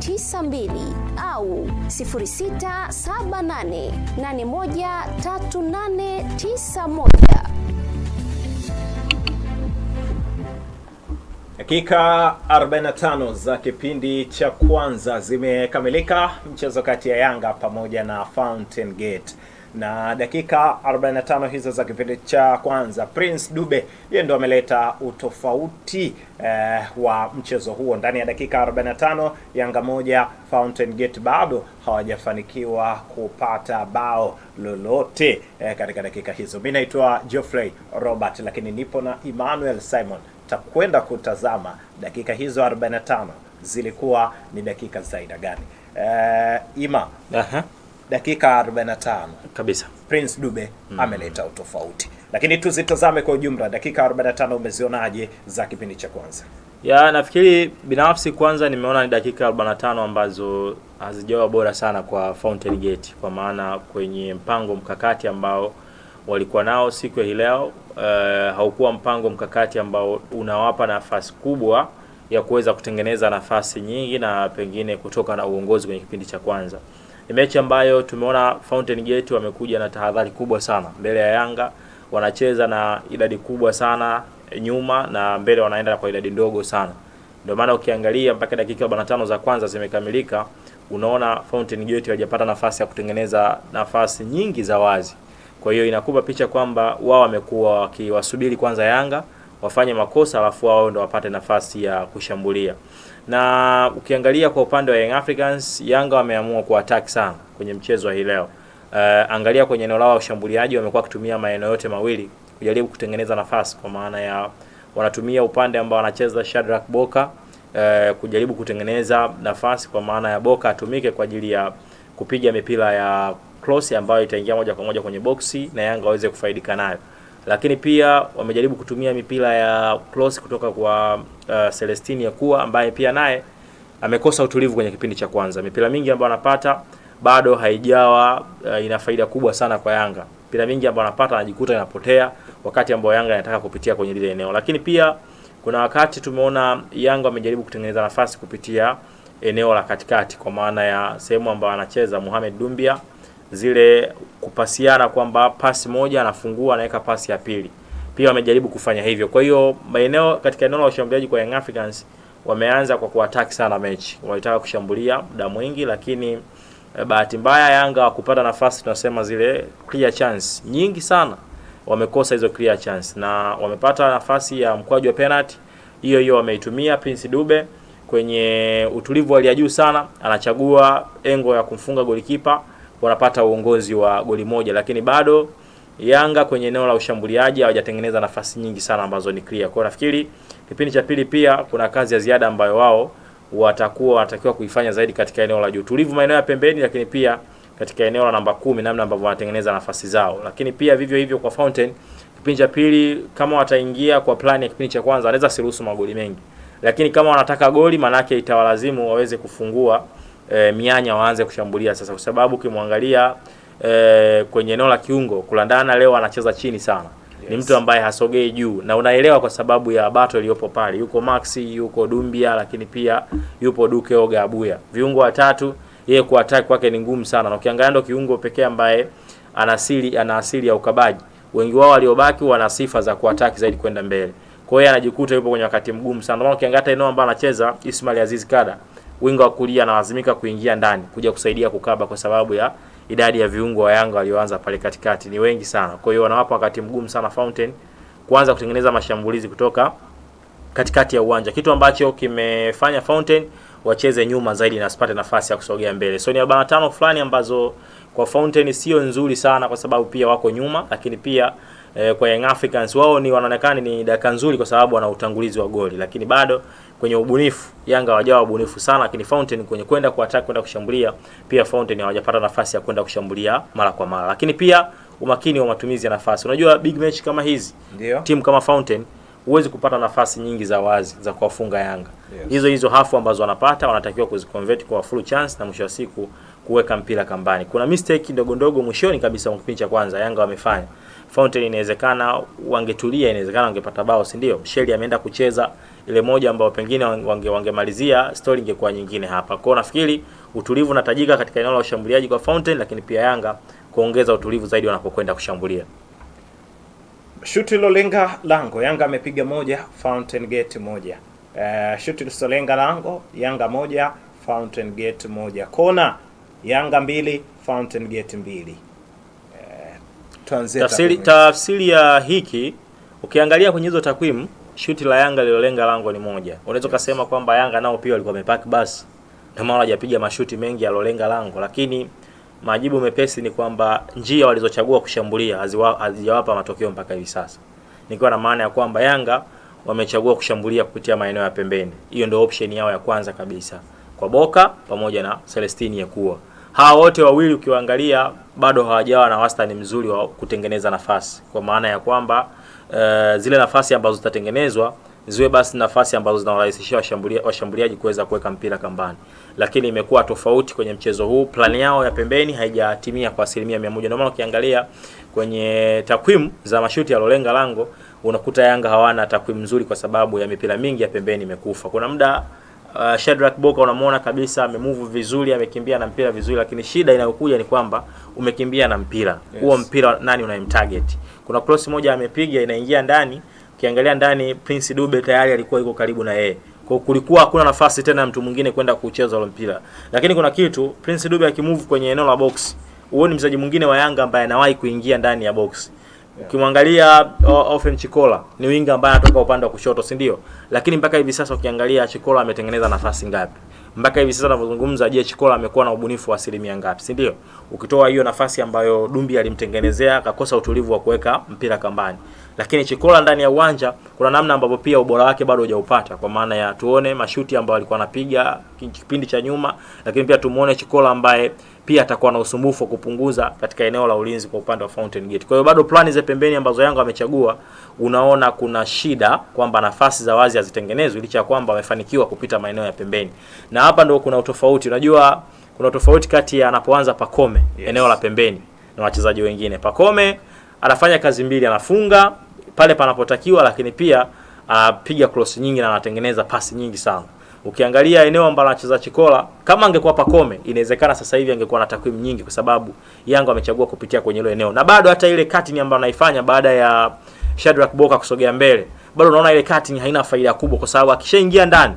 92 au 6 Dakika 45 za kipindi cha kwanza zimekamilika. Mchezo kati ya Yanga pamoja na Fountain Gate na dakika 45 hizo za kipindi cha kwanza Prince Dube yeye ndo ameleta utofauti eh, wa mchezo huo. Ndani ya dakika 45 Yanga moja Fountain Gate bado hawajafanikiwa kupata bao lolote eh, katika dakika hizo. Mimi naitwa Geoffrey Robert, lakini nipo na Emmanuel Simon takwenda kutazama dakika hizo 45 zilikuwa ni dakika za aina gani? Eh, Ima. Aha dakika 45 kabisa Prince Dube mm -hmm. ameleta utofauti, lakini tuzitazame kwa ujumla dakika 45, umezionaje za kipindi cha kwanza? Ya, nafikiri binafsi kwanza nimeona ni dakika 45 ambazo hazijawa bora sana kwa Fountain Gate, kwa maana kwenye mpango mkakati ambao walikuwa nao siku ya leo uh, haukuwa mpango mkakati ambao unawapa nafasi kubwa ya kuweza kutengeneza nafasi nyingi na pengine kutoka na uongozi kwenye kipindi cha kwanza. Ni mechi ambayo tumeona Fountain Gate wamekuja na tahadhari kubwa sana mbele ya Yanga, wanacheza na idadi kubwa sana nyuma na mbele wanaenda kwa idadi ndogo sana. Ndio maana ukiangalia mpaka dakika 45 za kwanza zimekamilika, unaona Fountain Gate hajapata nafasi ya kutengeneza nafasi nyingi za wazi. Kwa hiyo inakupa picha kwamba wao wamekuwa wakiwasubiri kwanza Yanga wafanye makosa, alafu wao ndio wapate nafasi ya kushambulia na ukiangalia kwa upande wa Young Africans, Yanga wameamua kuattack sana kwenye mchezo wa hii leo. Uh, angalia kwenye eneo lao la ushambuliaji wamekuwa wakitumia maeneo yote mawili kujaribu kutengeneza nafasi, kwa maana ya wanatumia upande ambao wanacheza Shadrack Boka uh, kujaribu kutengeneza nafasi, kwa maana ya Boka atumike kwa ajili ya kupiga mipira ya cross ambayo itaingia moja kwa moja kwenye boksi na Yanga waweze kufaidika nayo lakini pia wamejaribu kutumia mipira ya cross kutoka kwa uh, Celestini Yakuwa ambaye pia naye amekosa utulivu kwenye kipindi cha kwanza. Mipira mingi ambayo anapata bado haijawa uh, ina faida kubwa sana kwa Yanga. Mipira mingi ambayo anapata anajikuta inapotea wakati ambao Yanga anataka kupitia kwenye lile eneo, lakini pia kuna wakati tumeona Yanga wamejaribu kutengeneza nafasi kupitia eneo la katikati, kwa maana ya sehemu ambayo anacheza Mohamed Dumbia zile kupasiana kwamba pasi moja anafungua anaweka pasi ya pili, pia wamejaribu kufanya hivyo. Kwa hiyo maeneo katika eneo la washambuliaji kwa Young Africans wameanza kwa kuattack sana mechi, walitaka kushambulia muda mwingi, lakini eh, bahati mbaya Yanga wakupata nafasi, tunasema zile clear chance nyingi sana wamekosa hizo clear chance, na wamepata nafasi ya mkwaju wa penalty hiyo hiyo wameitumia. Prince Dube kwenye utulivu wa hali ya juu sana anachagua engo ya kumfunga golikipa wanapata uongozi wa goli moja, lakini bado Yanga kwenye eneo la ushambuliaji hawajatengeneza nafasi nyingi sana ambazo ni clear. Kwa nafikiri kipindi cha pili pia kuna kazi ya ziada ambayo wao watakuwa wanatakiwa kuifanya zaidi katika eneo la juu, tulivu maeneo ya pembeni, lakini pia katika eneo la namba kumi, namna ambavyo wanatengeneza nafasi zao. Lakini pia vivyo hivyo kwa Fountain, kipindi cha pili kama wataingia kwa plan ya kipindi cha kwanza, wanaweza siruhusu magoli mengi, lakini kama wanataka goli, maanake itawalazimu waweze kufungua e, mianya waanze kushambulia sasa, kwa sababu ukimwangalia e, kwenye eneo la kiungo Kulandana leo anacheza chini sana yes. Ni mtu ambaye hasogei juu na unaelewa kwa sababu ya bato iliyopo pale, yuko Maxi, yuko Dumbia, lakini pia yupo Duke Oga Abuya, viungo watatu. Yeye kuattack kwake ni ngumu sana, na ukiangalia ndo kiungo pekee ambaye ana asili ana asili ya ukabaji. Wengi wao waliobaki wana sifa za kuattack zaidi kwenda mbele, kwa hiyo anajikuta yupo kwenye wakati mgumu sana, maana ukiangalia eneo ambalo anacheza Ismail Aziz Kada winga wa kulia analazimika kuingia ndani kuja kusaidia kukaba kwa sababu ya idadi ya viungo wa Yanga walioanza pale katikati ni wengi sana. Kwa hiyo wanawapa wakati mgumu sana Fountain kuanza kutengeneza mashambulizi kutoka katikati ya uwanja, kitu ambacho kimefanya Fountain wacheze nyuma zaidi na asipate nafasi ya kusogea mbele. So ni arobaini tano fulani ambazo kwa Fountain sio nzuri sana, kwa sababu pia wako nyuma, lakini pia eh, kwa Young Africans wao ni wanaonekana ni dakika nzuri, kwa sababu wana utangulizi wa goli, lakini bado kwenye ubunifu Yanga hawajawa wabunifu sana, lakini Fountain kwenye kwenda ku attack kwenda kushambulia, pia Fountain hawajapata nafasi ya kwenda kushambulia mara kwa mara, lakini pia umakini wa matumizi ya nafasi. Unajua big match kama hizi Ndiyo. timu kama Fountain huwezi kupata nafasi nyingi za wazi za kuwafunga Yanga yes. hizo hizo hafu ambazo wanapata wanatakiwa kuziconvert kwa full chance na mwisho wa siku kuweka mpira kambani. Kuna mistake ndogo ndogo mwishoni kabisa mwa kipindi cha kwanza Yanga wamefanya. Fountain inawezekana wangetulia, inawezekana wangepata bao, si ndio? Sheli ameenda kucheza ile moja ambayo pengine wange wangemalizia story ingekuwa nyingine hapa. Kwa nafikiri utulivu unatajika katika eneo la ushambuliaji kwa Fountain, lakini pia Yanga kuongeza utulivu zaidi wanapokwenda kushambulia. Shuti lilolenga lango, Yanga amepiga moja, Fountain Gate moja. Uh, eh, shuti lilolenga lango, Yanga moja, Fountain Gate moja. Kona Yanga mbili, Fountain Gate mbili. Uh, tafsiri, tafsiri ya hiki ukiangalia kwenye hizo takwimu shuti la Yanga lilolenga lango ni moja. Unaweza kusema kwamba Yanga nao pia walikuwa wamepack basi, ndio maana hawajapiga mashuti mengi yalolenga lango, lakini majibu mepesi ni kwamba njia walizochagua kushambulia hazijawapa matokeo mpaka hivi sasa, nikiwa na maana ya kwamba Yanga wamechagua kushambulia kupitia maeneo ya pembeni. Hiyo ndio option yao ya kwanza kabisa kwa Boka pamoja na Celestini kuwa hawa wote wawili ukiwaangalia bado hawajawa na wastani mzuri wa kutengeneza nafasi, kwa maana ya kwamba uh, zile nafasi ambazo zitatengenezwa ziwe basi nafasi ambazo zinawarahisishia washambuliaji washambulia kuweza kuweka mpira kambani, lakini imekuwa tofauti kwenye mchezo huu. Plani yao ya pembeni haijatimia kwa asilimia mia moja. Ndio maana ukiangalia kwenye takwimu za mashuti yalolenga lango unakuta Yanga hawana takwimu nzuri, kwa sababu ya mipira mingi ya pembeni imekufa. Kuna muda uh, Shadrack Boka unamwona kabisa amemove vizuri, amekimbia na mpira vizuri, lakini shida inayokuja ni kwamba umekimbia na mpira huo, yes. Mpira nani unayemtarget? Kuna cross moja amepiga inaingia ndani, ukiangalia ndani Prince Dube tayari alikuwa yuko karibu na yeye kwa kulikuwa hakuna nafasi tena mtu mwingine kwenda kucheza ule mpira, lakini kuna kitu Prince Dube akimove kwenye eneo la box, huoni mchezaji mwingine wa Yanga ambaye anawahi kuingia ndani ya box Ukimwangalia Ofem Chikola ni winga ambaye anatoka upande wa kushoto, si ndio? Lakini mpaka hivi sasa ukiangalia Chikola ametengeneza nafasi ngapi? Mpaka hivi sasa tunavyozungumza, je, Chikola amekuwa na ubunifu wa asilimia ngapi, si ndio? Ukitoa hiyo nafasi ambayo Dumbi alimtengenezea akakosa utulivu wa kuweka mpira kambani, lakini Chikola ndani ya uwanja kuna namna ambapo pia ubora wake bado hujaupata, kwa maana ya tuone mashuti ambayo alikuwa anapiga kipindi cha nyuma, lakini pia tumuone Chikola ambaye pia atakuwa na usumbufu wa kupunguza katika eneo la ulinzi kwa upande wa Fountain Gate. Kwa hiyo bado plani za pembeni ambazo Yanga amechagua, unaona kuna shida kwamba nafasi za wazi hazitengenezwi licha ya kwamba amefanikiwa kupita maeneo ya pembeni, na hapa ndio kuna utofauti. Unajua kuna utofauti kati ya anapoanza Pakome, yes, eneo la pembeni na wachezaji wengine. Pakome anafanya kazi mbili, anafunga pale panapotakiwa, lakini pia anapiga cross nyingi na anatengeneza pasi nyingi sana. Ukiangalia eneo ambalo anacheza Chikola, kama angekuwa Pakome, inawezekana sasa hivi angekuwa na takwimu nyingi, kwa sababu Yanga amechagua kupitia kwenye hilo eneo, na bado hata ile cutting ambayo anaifanya baada ya Shadrack Boka kusogea mbele, bado unaona ile cutting haina faida kubwa, kwa sababu akishaingia ndani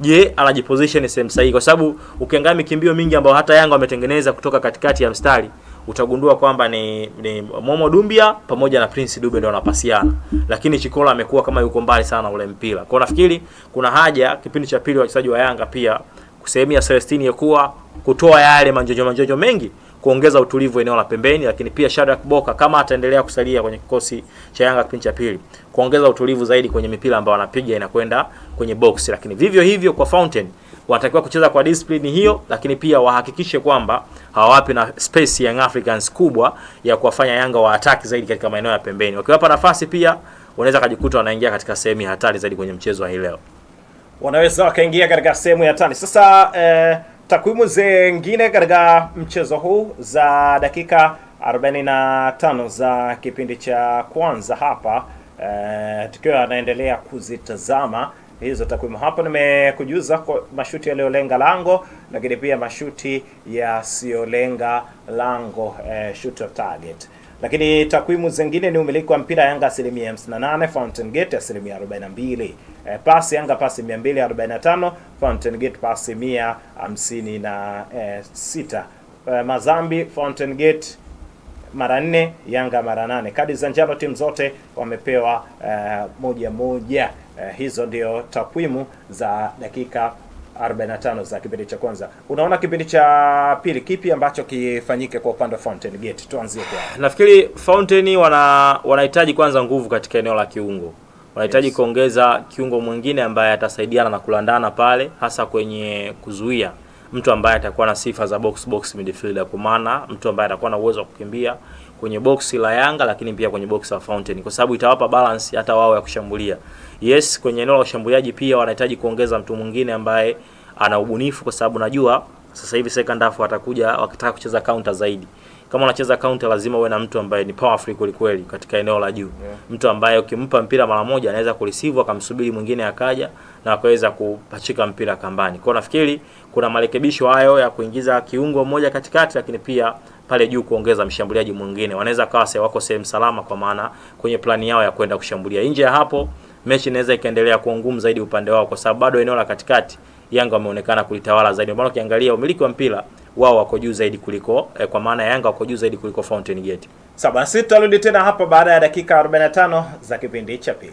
Je, anajiposition sehemu sahihi? Kwa sababu ukiangalia mikimbio mingi ambayo hata Yanga wametengeneza kutoka katikati ya mstari utagundua kwamba ni, ni Momo Dumbia pamoja na Prince Dube ndio wanapasiana, lakini Chikola amekuwa kama yuko mbali sana ule mpira. Kwa nafikiri kuna haja kipindi cha pili wachezaji wa Yanga pia sehemu ya Celestini yakuwa kutoa yale manjojo manjojo mengi kuongeza utulivu eneo la pembeni, lakini pia Shadrack Boka kama ataendelea kusalia kwenye kikosi cha Yanga kipindi cha pili, kuongeza utulivu zaidi kwenye mipira ambayo anapiga inakwenda kwenye box, lakini vivyo hivyo kwa Fountain watakiwa kucheza kwa discipline hiyo, lakini pia wahakikishe kwamba hawawapi na space Young Africans kubwa ya kuwafanya Yanga wa ataki zaidi katika maeneo ya pembeni. Wakiwapa nafasi pia wanaweza kujikuta wanaingia katika sehemu ya hatari zaidi kwenye mchezo wa hii leo, wanaweza wakaingia katika sehemu ya hatari sasa. Eh, takwimu zingine katika mchezo huu za dakika 45 za kipindi cha kwanza hapa, eh, tukiwa anaendelea kuzitazama hizo takwimu hapo. Nimekujuza kwa mashuti yaliyolenga lango, lakini pia mashuti yasiyolenga lango eh, shoot of target. Lakini takwimu zingine ni umiliki wa mpira Yanga asilimia 58, Fountain Gate asilimia 42, eh, pasi Yanga pasi 245, Fountain Gate pasi 156, eh, eh, mazambi Fountain Gate mara nne, Yanga mara nane. Kadi za njano timu zote wamepewa uh, moja moja. Uh, hizo ndio takwimu za dakika 45 za kipindi cha kwanza. Unaona kipindi cha pili kipi ambacho kifanyike kwa upande wa Fountain Gate? Tuanzie kwa. Nafikiri Fountain wana wanahitaji kwanza nguvu katika eneo la kiungo. Wanahitaji yes, kuongeza kiungo mwingine ambaye atasaidiana na kulandana pale hasa kwenye kuzuia mtu ambaye atakuwa na sifa za box box midfielder, kwa maana mtu ambaye atakuwa na uwezo wa kukimbia kwenye boksi la Yanga lakini pia kwenye box la Fountain, kwa sababu itawapa balance hata wao ya kushambulia. Yes, kwenye eneo la ushambuliaji pia wanahitaji kuongeza mtu mwingine ambaye ana ubunifu, kwa sababu najua sasa hivi second half watakuja wakitaka kucheza counter zaidi kama unacheza kaunti lazima uwe na mtu ambaye ni powerful kweli kweli katika eneo la juu yeah. Mtu ambaye ukimpa mpira mara moja anaweza kureceive akamsubiri mwingine akaja na akaweza kupachika mpira kambani. Kwa nafikiri kuna marekebisho hayo ya kuingiza kiungo mmoja katikati, lakini pia pale juu kuongeza mshambuliaji mwingine, wanaweza kawa wako sehemu salama, kwa maana kwenye plani yao ya kwenda kushambulia. Nje ya hapo mechi inaweza ikaendelea kuwa ngumu zaidi upande wao, kwa sababu bado eneo la katikati Yanga wameonekana kulitawala zaidi. Maana ukiangalia umiliki wa mpira wao wako juu zaidi kuliko eh, kwa maana Yanga wako juu zaidi kuliko Fountain Gate. Sawa, tutarudi tena hapa baada ya dakika 45 za kipindi cha pili.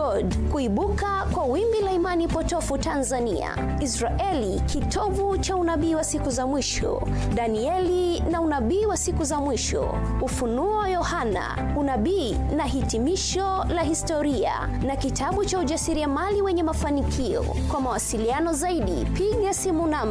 God, kuibuka kwa wimbi la imani potofu Tanzania, Israeli kitovu cha unabii wa siku za mwisho, Danieli na unabii wa siku za mwisho, Ufunuo Yohana, unabii na hitimisho la historia, na kitabu cha ujasiriamali wenye mafanikio. Kwa mawasiliano zaidi, piga simu namba